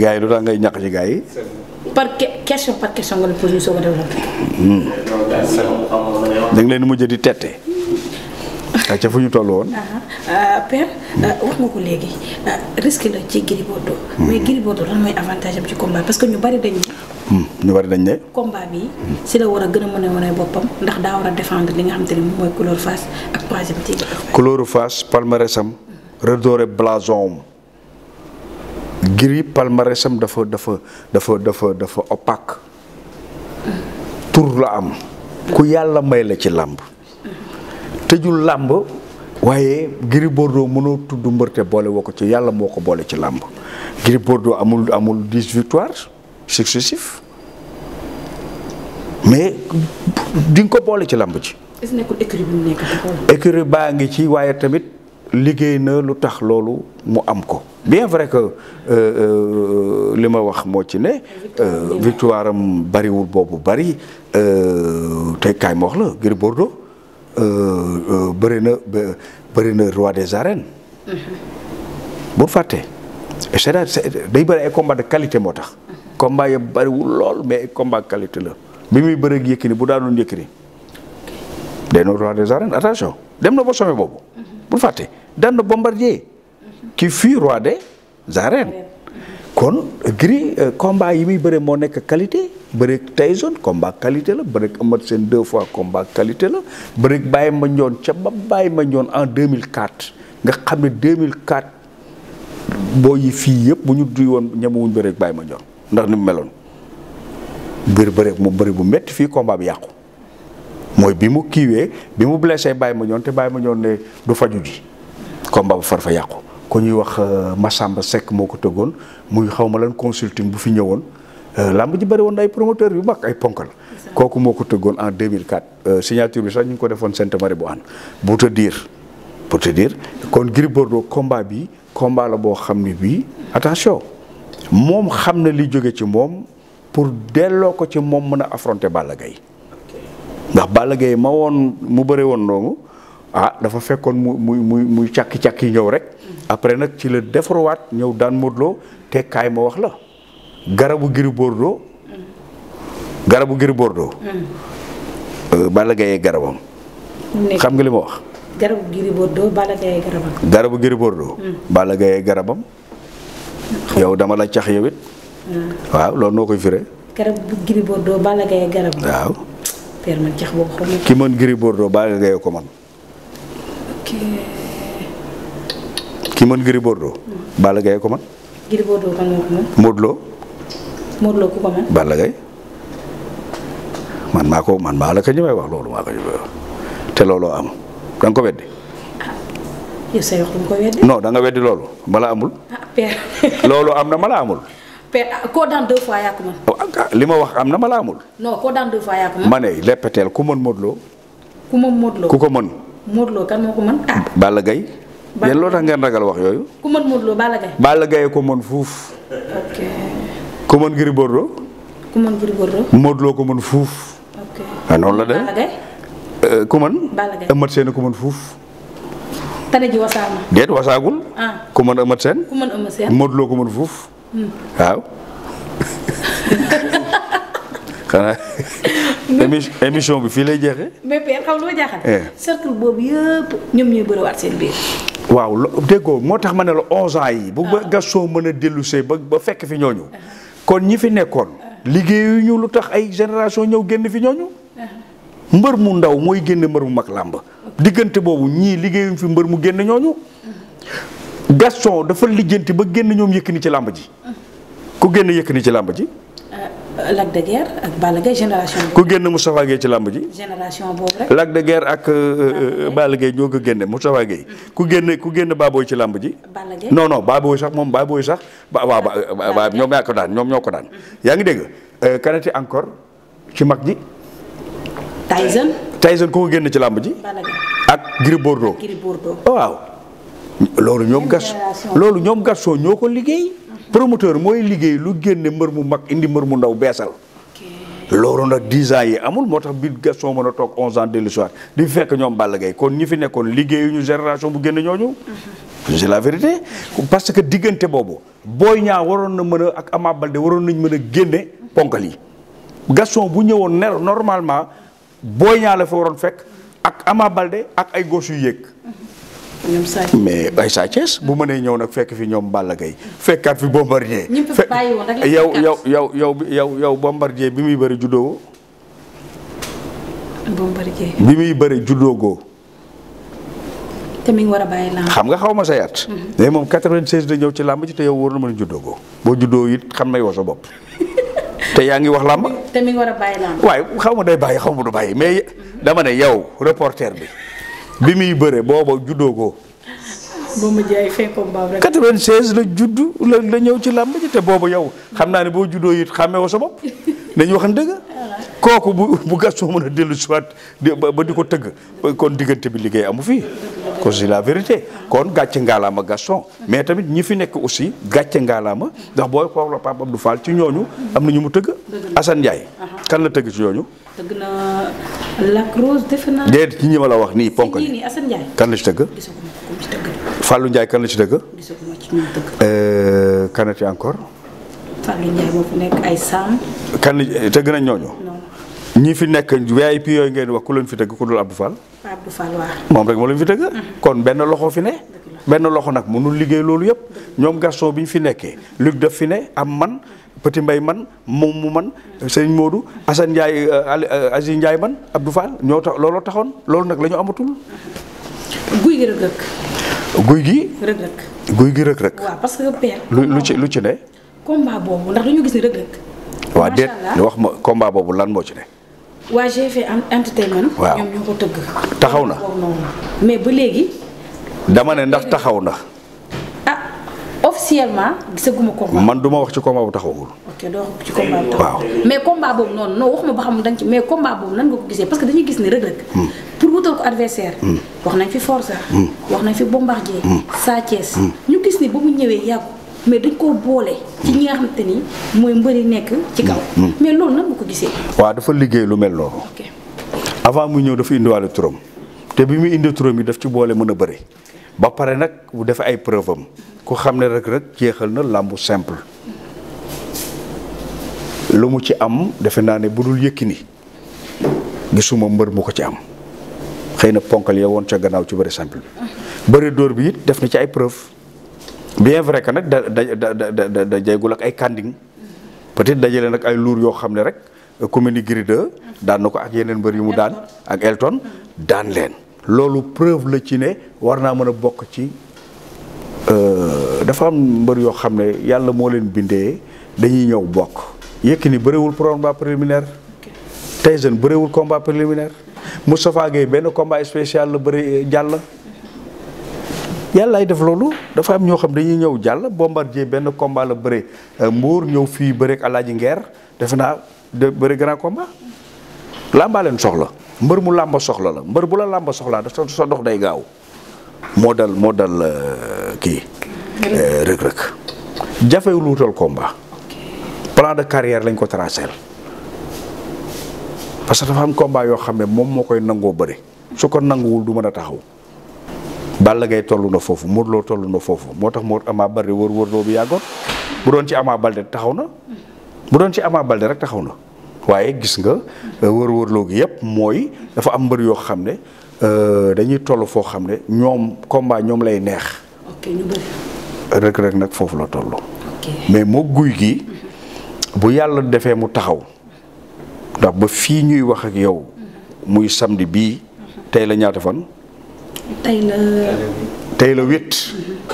gars yi du tax ngay ñàkk ci gars yi. par question par question nga leen posé soog a développé. Hmm. da nga leen mujj di tette. ca fu ñu toll woon. Ah, ah, père euh, wax nga ko léegi euh, risque la ci Gris Bordeaux. Hmm. mais Gris mooy avantage am ci combat parce que ñu bari dañ ne. Hmm. ñu bari dañ ne. combat bi si la war a gën a mën a wane boppam ndax daa war a défendre li nga xam te ne moom mooy couleur face ak troisième tigre. couleur face palmarès redorer blason Gris palmarèsam dafa dafa dafa dafa dafa opaque tour la am ku yàlla may la ci làmb tëjul làmb waaye Gris Bordeaux mënoo tudd mbër te boole woo ko ci yàlla moo ko boole ci làmb Gris Bordeaux amul amul dix victoires successif mais di ko boole ci làmb ji. est baa ngi ci waaye tamit. liggéey na lu tax loolu mu am ko bien vrai que euh, euh, li ma wax moo ci ne euh, victoire bariwul boobu bari tey kaay ma wax la Gris Bordeaux bëri na bëri na roi des arènes bu fàttee c'est-à-dire day bëri ay combat de qualité moo tax combat ya bariwul lool mais ay combat qualité la bi muy bëri ak Yékini bu daanoon Yékini day na roi des arènes attention dem na ba sommet boobu bu fàtte daan na Bombardier qui fut roi des arènes kon Gris euh, combat yi muy bëre moo nekk qualité bëreeg Tyson combat qualité la bëreeg Amath seen deux fois combat qualité la bëreeg Baye Mandione ca ba ma Mandione en mille 2004 nga xam ne 2004 boo yi fii yëpp bu ñu duy woon ñemewuñ bëreeg ma Mandione ndax ni mu meloon mbir bëreeg mu bëri bu métti fii combat bi yàqu. mooy bi mu kiiwee bi mu blessé bàyyi ma ñoon te bàyyi ma ñoon ne du faju ji combat ba far fa yàqu ko ñuy wax euh, Massamba Seck moo ko tëggoon muy xaw ma lan consulting bu fi ñëwoon euh, làmb ji bëri woon ay promoteur yu mag ay ponkal kooku moo ko tëggoon en 2004 euh, signature bi sax ñu ngi ko defoon Sainte Marie bu ànd bu te diir pour te kon Gris Bordeaux combat bi combat la boo xam ne bii attention moom xam na li jóge ci moom pour delloo ko ci moom mën a affronter Balla Gaye ndax Balla Gaye ma woon mu bëre woon noonu ah dafa fekkoon mu muy muy muy càkki-càkki ñëw rek après nag ci la defaruwaat ñëw daan Modou Lo te kaay ma wax la garabu Gris Bordeaux garabu Gris Bordeaux hmm. euh, Balla Gaye garabam xam nga li ma wax hmm. hmm. yow dama la cax yow waaw loolu noo koy firee waaw kii mën Gris Bordeaux Balla Gaye ko man ok. mën Gris Bordeaux. Balla Gaye ko man Gris Bordeaux kan moo ko man maa ko man maa wax loolu maa ko wax te looloo am da ko weddi. Ah, yow say wax weddi. loolu mala amul. Ah, loolu am na mala amul. pe li ma wax am na ma laa amul. non koo ko mën. ma ne leppeteel ku ku mën Modou ku ko mën. Modou Lo kan moo ah. Balla Gaye. yéen loo tax ngeen ragal wax yooyu. ku mën Balla Gaye. Balla ko mën fuuf. ok. ku mën Gris Bordeaux. ku ko mën fuuf. ok ah, noonu la de. Balla Gaye. Euh, ku mën. Balla Gaye Eumeu ko mën fuuf. tane ji wasaagul. Ah. ku mën Eumeu Sène. ku ko mën fuuf. waaw. émission bi fii lay jeexee. mais Père xam lu eh. déggoo moo tax ma ne la 11 ans yi. bu ba ah. mën a dellusee ba ba fekk fi ñooñu. Ah. kon ñi fi nekkoon. Ah. liggéeyuñu lu tax ay génération ñëw génn fi ñooñu. mbër mu ndaw mooy génn mbër mu mag làmb diggante boobu ñii liggéeyuñ fi mbër mu génn ñooñu. Gaston dafa lijjanti ba génn ñoom Yékini ci làmb ji. génn Yékini ci làmb ji. Euh, Lac de ku génn Moustapha Gueye ci làmb ji. génération de Guiers ak euh, euh, Balla Gaye ñoo ko génne Moustapha Gueye. Mm-hmm. ku génn ku génn ci làmb ji. Balla non non Baboy sax moom Baboy sax. waaw waaw ñoom yaa ko daan ñoom ñoo ko daan. Mm-hmm. yaa ngi dégg kanati encore ci mag ji. Tyson. Tyson ku ko ci làmb ji. ak Gris loolu ñoom gas loolu ñoom gasoo ñoo ko liggéey promoteur mooy liggéey lu génne mbër mu mag indi mbër mu ndaw beesal loolu nag dix ans yi amul moo tax bi gasoo mën a toog onze ans dellu soir di fekk ñoom ball Gaye kon ñi fi nekkoon liggéeyuñu génération bu génn ñooñu c'est la vérité parce que diggante boobu booy ñaa waroon na mën a ak Ama Baldé waroon nañ mën a génne ponkal yi gaston bu ñëwoon ne normalement booy ñaa la fa waroon fekk ak Ama Baldé ak ay gos yu yéeg mais ay Sa bu mënee ñëw nag fekk fi ñoom Balla Gaye fekkaat fi Bombardier. yow yow yow yow yow yow Bombardier bi muy bëri juddoo. bi muy bëri juddoo goo. te mi xam nga xaw ma sa yaat. Mhm. mais moom 96 da ñëw ci làmb ji te yow war na mën a juddoo goo boo juddoo it xam na woo sa bopp. te yaa ngi wax làmb. waaye xaw ma day bàyyi xaw ma du bàyyi mais mhm. dama ne yow reporter bi. bi muy bëree booba juddoo ko. Momadou Ndiaye fekk la juddu la la ñëw ci làmb te boobu yow xam naa ne boo juddoo it xàmmee sa bopp dañuy wax dëgg. kooku bu bu gasoo mën a dellu soit ba di ko tëgg kon diggante bi liggéey amu fii kon c'est la vérité kon gàcce ngaalaama Gaston mais tamit ñi fi nekk aussi gàcce ngaalaama ndax booy xool la du Abdou ci ñooñu am na ñu mu tëgg Assane Ndiaye kan la tëgg ci ñooñu tëgg na Lac Rose ci ñi ma la wax nii ponk yi nii la ci tëgg. gisaguma ko ci tëgg. Fallou Ndiaye kanati euh, encore. Fallou fi nekk ay Sam. kan tëgg nañ ñooñu. ñi fi nekk VIP yooyu ngeen wax ku leen fi tëgg ku dul Abdou Fall. moom rek moo leen fi tëgg. Mm-hmm. kon benn loxo fi ne. benn loxo nag mënul liggéey loolu yëpp ñoom Gaston bi ñu fi nekkee lu def fi ne am man Petit Mbay man moom mu man sëñ moodu Assane Ndiaye euh, euh, Aziz Ndiaye man Abdou Fall ñoo tax looloo taxoon loolu nag la amatul. guy gi rëg rëg. guy gi. rëg rëg. parce que père. lu ci lu ci ne. combat boobu ndax dañu gis ni rëg rëg. waaw déet wax ma combat boobu lan moo ci ne. waa GFM entertainment. waaw taxaw na mais ba léegi. dama ne ndax taxaw na. ah officiellement gisaguma combat. man du ma wax ci combat bu taxawul. ok wax ci combat bu taxawul. mais combat boobu noonu non waxuma ba xam dañ ci mais combat boobu nan nga ko gisee parce que dañuy gis ni Reug Reug. Hmm. pour wutal ko adversaire. Hmm. wax nañ fi Forza. Hmm. wax nañ fi Bombardier. Sa Thiès. ñu gis ni ba mu ñëwee yàggu mais dañ koo boole. ci ñi ni mooy mbëri nekk ci kaw. mais loolu nan nga ko gisee. waaw dafa liggéey lu mel noonu. avant mu ñëw dafa indiwaale te bi muy indi turam yi daf ci boole mën a bëri. ba pare nag bu defee ay preuve am ku xam ne rek rek jeexal na làmbu simple lu mu ci am defe naa ne bu dul yëkki ni gisuma mbër mu ko ci am xëy na ponkal ya woon ca gannaaw ci bëri simple bi bëri dóor bi it def na ci ay preuve bien vrai que nag da da da da jaygul ak ay kànding peut-être dajale nag ay luur yoo xam ne rek commune Gris 2 daan na ko ak yeneen mbër yu mu daan ak Elton daan leen. loolu preuve la ci ne war naa mën a bokk ci euh, dafa am mbër yoo xam ne yàlla moo leen bindee dañuy ñëw bokk Yékini bëriwul combat préliminaire Tyson bëriwul combat préliminaire Moustapha Gueye benn combat spécial la bëri euh, yàlla yàllaay def loolu dafa am ñoo xam dañuy ñëw jàll Bombardier benn combat la bëri euh, Mbour ñëw fii bëri ak Alaaji Ngeer defe naa de bëri grand combat làmbaa leen soxla mbër mu làmba soxla la mbër bu la làmba soxla da sa dox day gaaw moo dal moo dal euh, kii Reug Reug jafewul wutal combat plan de carrière lañ ko tracé parce que dafa am combat yoo xam ne moom moo koy nangoo bari su ko nanguwul du mën a taxaw Balla Gaye tollu na foofu Modou Lo toll na foofu moo tax Modou Ama bari wër wër loo bi yàggoon bu doon ci amaa Baldé taxaw na bu doon ci Ama Baldé rek taxaw na waaye gis nga euh, wër-wërloo gi yëpp mooy dafa am mbër yoo xam ne euh, dañuy toll foo xam ne ñoom combat ñoom lay neex. ok rek rek nag foofu la toll. mais moo guy gi bu yàlla defee mu taxaw ndax ba fii ñuy wax ak yow muy samdi bii tey la ñaata fan. tey la. tey la huit.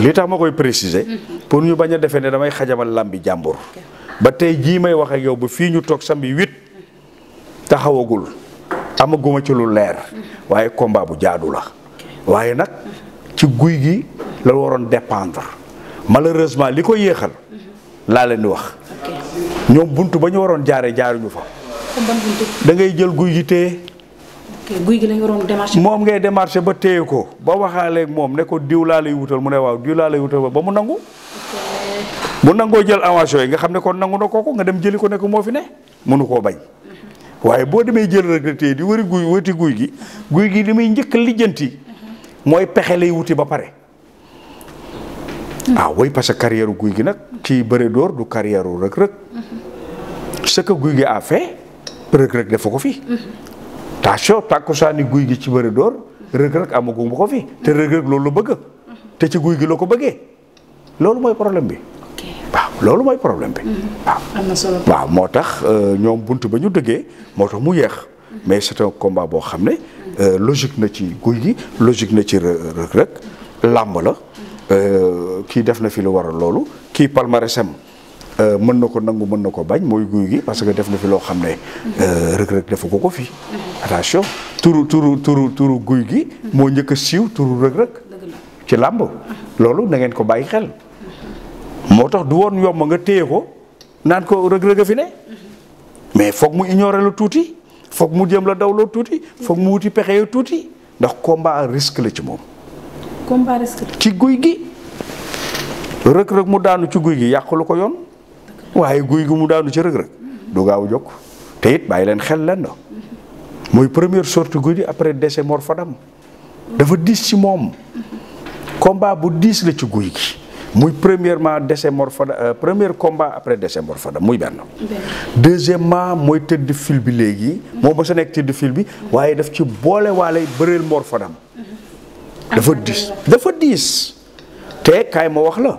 li tax ma koy préciser. pour ñu bañ a defee ne damay xajamal làmbi jàmbur. ba tey jii may wax ak yow fii ñu toog sambi huit taxawagul amaguma ci lu leer waaye komba bu jaadu la waaye nag ci guy gi la waroon dépendre malheureusement li ko yéexal laa leen di wax ñoom bunt ba ñu waroon jaare jaaruñu fa. dangay jël guy gi téye. guy gi lañ moom ngay démarché ba téye ko ba waxaaleeg moom ne ko diw laa lay wutal mu ne waaw diw laa lay wutal ba mu nangu. bu nangoo jël avance yooyu nga xam ne kon nangu na kooku nga dem jëli ko ne moo fi ne mënu koo bañ waaye boo demee jël regretté di wëri guy wëti guy gi guy gi li muy njëkk lijjanti mooy pexe lay wuti ba pare ah oui parce que carrière guy gi nag ci bëre door du carrière Reug Reug ce que guy gi a fait Reug defu ko fi attention tàkkusaani guy gi ci bëre door Reug Reug amagu ko fi te Reug Reug loolu la bëgg te ci guy gi la ko bëggee loolu mooy problème bi loolu mooy problème bi. Mm-hmm. waaw moo tax euh, ñoom bunt ba ñu dëggee moo tax mu yéex. Mm-hmm. mais c'est un combat boo xam ne euh, logique na ci guy gi logique na ci Reug Reug làmb la mm-hmm. euh, kii def na fi lu war a loolu kii palmarèsam mën na ko nangu mën na ko bañ mooy guy gi parce que def na fi loo xam ne Reug Reug defu ko ko fi attention turu turu turu turu guy gi moo njëkk a siiw turu Reug Reug ci làmb loolu na ngeen ko bàyyi xel moo tax du woon yomb nga téye ko naan ko rëg-rëg fi ne mais foog mu ignorer la tuuti foog mu jëm la daw dawloo tuuti foog mu wuti pexe yo tuuti ndax combat risque la ci moom. combat ci guy gi. rëg-rëg mu daanu ci guy gi yàqulu ko yoon waaye guy gi mu daanu ci rëg-rëg du gaaw jokk te it bàyyi leen xel lenn mooy première sortie guy gi après décès Mor Fadam dafa diis ci moom combat bu diis la ci guy gi. muy premièrement décès Mor Fadam euh, premier combat après décès Mor Fadam muy benn. deuxièmement mooy tëdd fil bi léegi. moo ba sa nekk tëdd fil bi. waaye daf ci boole waale bëreel Mor Fadam. dafa diis dafa diis. te kaay ma wax la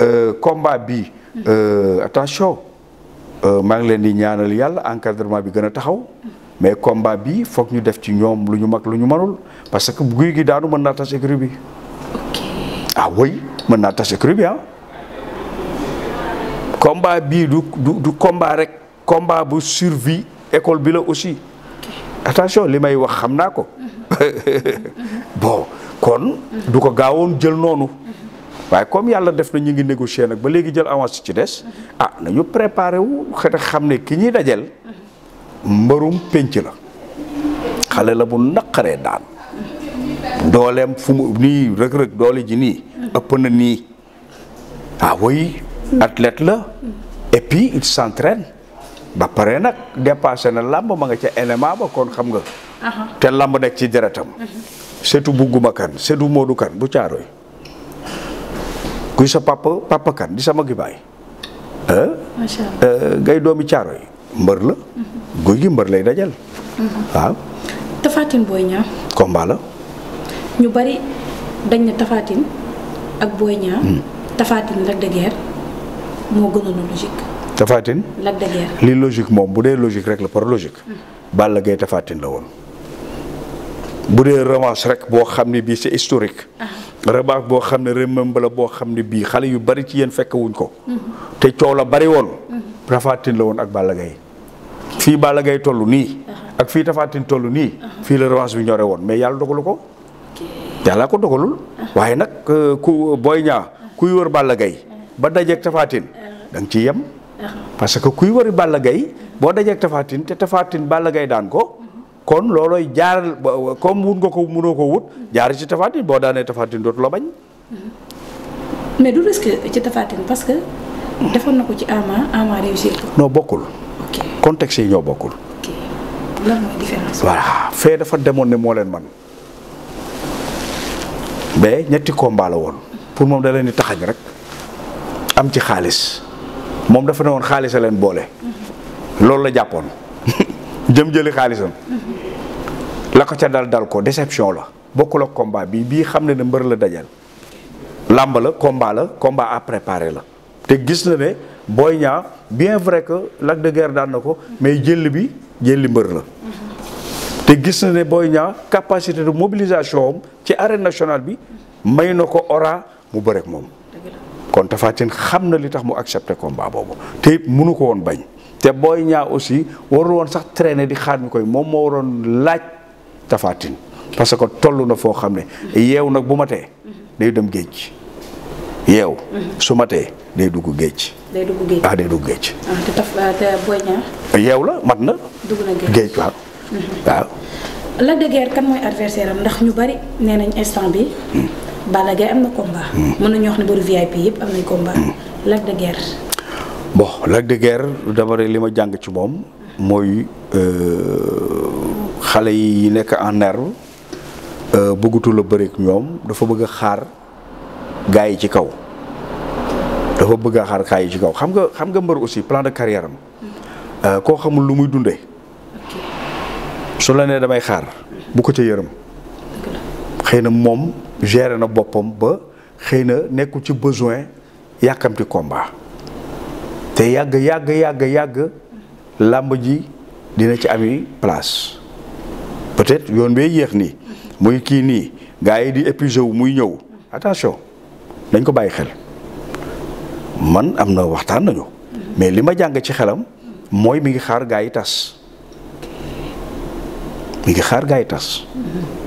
euh, combat bi euh, attention maa ngi leen di ñaanal yàlla encadrement bi gën a taxaw. mais combat bi foog ñu def ci ñoom lu ñu mag lu ñu manul parce que guy gi daanu mën naa tas écurie bi. ah oui. mën naa tase cru bi ah combat bii du du du combat rek combat bu survi école bi la aussi attention li may wax xam naa ko bon kon du ko gaawoon jël noonu mhm. waaye comme yàlla def na ñu ngi négocier nag ba léegi jël avance ci des mhm. ah nañu préparé wu xeta xam ne ki ñuy dajel mhm. mbërum penc la xale la bu naqaree daan dooleem fu mu nii rëg-rëg doole ji nii ëpp na nii ah oui athlète la et puis ba pare nag dépassé na làmb ma nga ca NMA ba kon xam nga te làmb nekk ci deretam mhm. setu bugguma kan setu moodu kan bu caaroy kuy sa papa papa kan di sama gibaay euh, ngay doomi caaroy mbër la mhm. guy gi mbër lay dajal mhm. waaw Tapha Tine Boy Niang combat ñu bari dañ na Tapha Tine ak hmm. moo gënoon logique. Tapha li logique moom bu dee logique rek la par logique. Hmm. Balla Gaye Tapha Tine la woon. bu dee revanche rek boo xam ne bii c'est historique. Ah. revanche boo xam ne remember la boo xam ne bii xale yu bari ci yéen fekk wuñ ko. Hmm. te coow la bari woon. Tapha Tine la woon ak Balla Gaye fii Balla Gaye toll nii. Ah. ak fii Tapha Tine toll nii. Ah. fii la revanche bi ñore woon mais yàlla dogalu ko. yàlla ko dogalul ah. waaye nag ku ñaa kuy wër Balla Gaye ba dajeeg Tapha Tine ah. da ciy yem ah. parce que kuy wëri Balla Gaye boo dajeeg Tapha Tine te Tapha Tine Balla Gaye daan ko kon loolooy jaaral comme nga ko mënoo ko wut jaar ci Tapha boo daanee Tapha Tine dootu la bañ mm-hmm. mais du risque ci Tapha parce que defoon na ko ci Ama Ama bokkul contexte yi ñoo bokkul lan fee dafa demoon ne moo leen man mais ñetti komba la woon pour moom da leen di taxañ rek am ci xaalis moom dafa ne woon xaalis a leen boole loolu la jàppoon jëm jëli xaalisam la ko ca dal dal ko déception la bokkul ak combat bi bii xam ne ne mbër la dajal làmb la combat la combat à préparer la te gis na ne Boy ñaa bien vrai que Lac de Guiers daan na ko mais jël bi jëlli mbër la te gis na ne booy Niang capacité de mobilisation ci arène nationale bi may na ko oraa mu bëreek moom kon Tapha xam na li tax mu accepté combat boobu te it mënu ko woon bañ te booy Niang aussi warul woon sax traîner di xaar ñu koy moom moo waroon laaj Tapha parce que toll na foo xam ne yeew nag bu ma tee day dem géej yeew su ma tee day dugg géej ah day dugg géej ah, yeew la mat na dugg géej waaw waaw. Lac de Guiers kan mooy adversaire ndax ñu bari nee instant bi Balla Gaye am na combat. mën nañu wax ne bëri VIP yëpp am nañ combat. Lac de Guiers. bon Lac de Guiers dama ne li ma jàng ci moom mooy euh, xale yi nekk en nerve euh, bëggatul a bëri ak ñoom dafa bëgg a xaar gaa yi ci kaw dafa bëgg a xaar gars yi ci kaw xam nga xam nga mbër aussi plan de carrière am euh, koo xamul lu muy dundee. su la nee damay xaar bu ko ca yërëm xëy na moom géré na boppam ba xëy na nekku ci besoin yàkkamti combat te yàgg yàgg yàgg yàgg làmb ji dina ci ami place peut-être yoon bee yéex nii muy kii nii gars yi di épuisé wu muy ñëw attention dañ ko bàyyi xel man am na waxtaan nañu mais li ma jàng ci xelam mooy mi ngi xaar gars yi tas mi ngi xaar gaa yi tas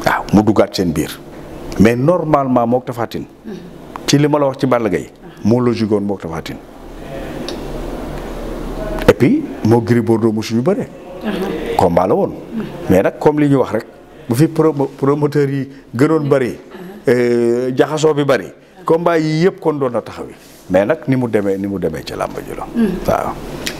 ah mu duggaat seen biir mais normalement mook Tapha ci li ma la wax ci bàll Gaye moo logique woon mook Tapha moo Gris Bordeaux suñu bëre combat la woon mais nag comme li ñu wax rek bu fi promoteur yi gënoon bëri euh, jaxasoo bi bëri combat yi yëpp kon doon na taxawi mais nag ni mu demee ni mu demee ci làmb ji waaw